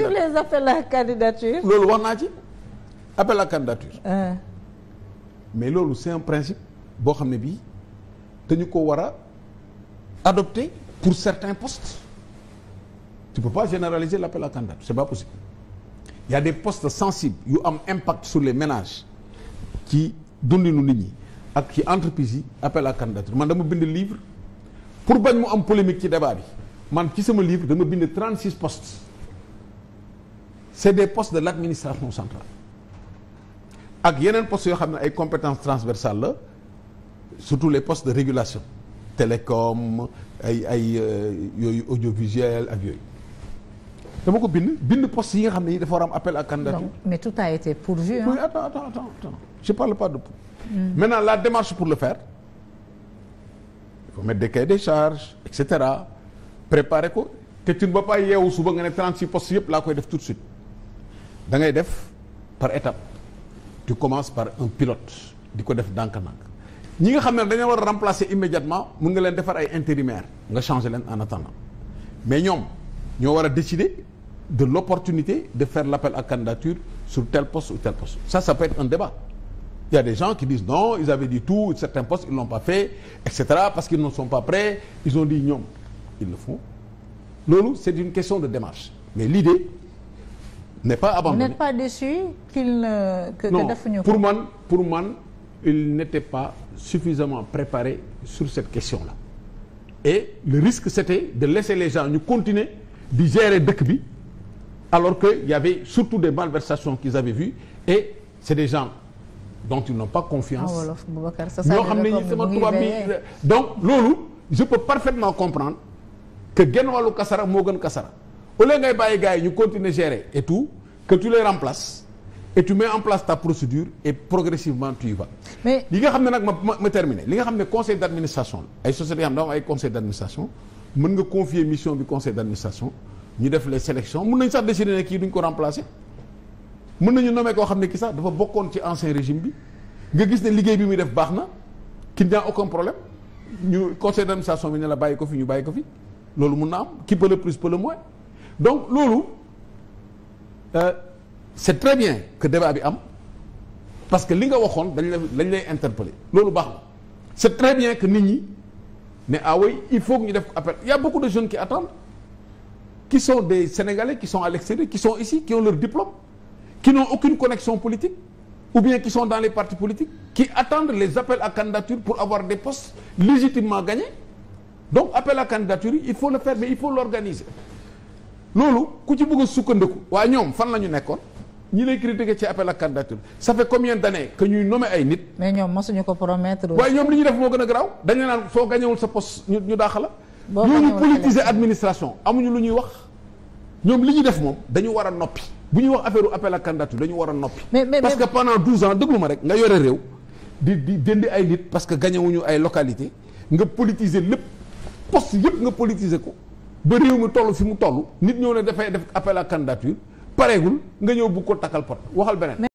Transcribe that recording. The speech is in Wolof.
sur les appels à loolu wax naa ci appel candidature. Ah. mais loolu c'est un principe boo xam ne bii dañu ko war a adopter pour certains postes tu peux pas généraliser l'appel à candidature c'est pas possible il y a des postes sensibles yu am impact sur les ménages ci dundinu nit ñi ak ci entreprise yi appel à candidature man dama bind livre pour bañ mu am polémique ci débat bi man ci sama livre dama bind trent 36 postes. c'est des postes de l'administration centrale ak yeneen postes yoo xam ne ay compétence transversales la surtout les postes de régulation télécom ay ay euh, yooyu audiovisuel ak yooyu dama ko bind bind postes yi nga xam ne yi dafa war am appel ak candidature. donc mais tout a été pourvu. oui attends attends attends je parle hmm. la démarche pour le faire il faut mettre des cahiers des charges cetera préparer ko te tu ne vas pas yeewu suba nga ne 36 postes yëpp laa koy def tout de suite. da ngay def par étape tu commences par un pilote di ko def dànk ndànk ñi nga xam ne dañoo war a remplacer immédiatement mun nga leen defar ay intérimaire nga changer leen en attendant mais ñoom ñoo war a décider de l'opportunité de faire l'appel à candidature sur tel poste ou tel poste ça ça peut un débat il a des gens qui disent non ils avaient dit tout certains postes ils l'ont pas fait et parce qu'ils ne sont pas prêts ils ont dit ñoom ils loolu c'est une question de démarche mais l'idée n'est pas abandonné. Vous n'êtes pas déçu que non, que pour man pour man il n'était pas suffisamment préparé sur cette question-là. Et le risque c'était de laisser les gens ñu continuer di gérer dëkk bi alors que y avait surtout des malversations qu'ils avaient vues et c'est des gens dont ils n'ont pas confiance. Ah, ñoo xam ne sama tubaab bi donc loolu je peux parfaitement comprendre que genn wàllu kasara moo gën kasara. au lieu ngay bàyyi gars yi ñu continuer gérer et tout que tu les remplaces et tu mets en procédure et progressivement tu mais li nga xam ne nag ma ma ma li nga xam ne conseil d' administration la ay sociétés yoo xam ne dafa ay conseil d' administration nga confier mission bi conseil d' administration ñu def les sélections mën nañ sax décider ne kii duñ ko remplacer mën nañu nommer koo xam ne kii sax dafa bokkoon ci ancien régime bi nga gis ne liggéey muy def baax na qu'il n'y a aucun problème ñu bi ne la bàyyi ko fi ñu bàyyi ko fi loolu mun na donc loolu euh, c'est très bien que débat bi am parce que li nga waxoon dañu la dañ lay interpeller loolu baax na c'est très bien que nit ñi ne ah il faut ñu def appel il y a beaucoup de jeunes qui attendent qui sont des Sénégalais qui sont à l'extérieur qui sont ici qui ont leur diplôme qui n'ont aucune connexion politique ou bien qui sont dans les partis politiques qui attendent les appels à candidature pour avoir des postes légitimement gagnés donc appel à candidature il faut le faire mais il loolu ku ci bëgg a sukkandiku waaye ñoom fan la ñu nekkoon ñi lay critiquer ci appel à candidature ça fait combien d'années que ñuy nommer ay nit. mais ñoom mosuñu ko promettre. waaye ñoom li ñuy def moo gën a garaaw dañu naan soo sa poste ñu ñu daax la. ñooñu politiser administration amuñu lu ñuy wax ñoom li ñuy def moom dañu war a noppi bu ñuy wax affaire appel à candidature dañu war a noppi. parce que pendant 12 ans déglu ma rek nga yore réew di di jënd ay nit parce que gañewuñu ay localité nga politiser lépp post yëpp nga politiser ko. ba réew mi toll fi mu toll nit ñoo ne dafay def appel candidature pareegul nga ñëw bu ko takkal pot waxal beneen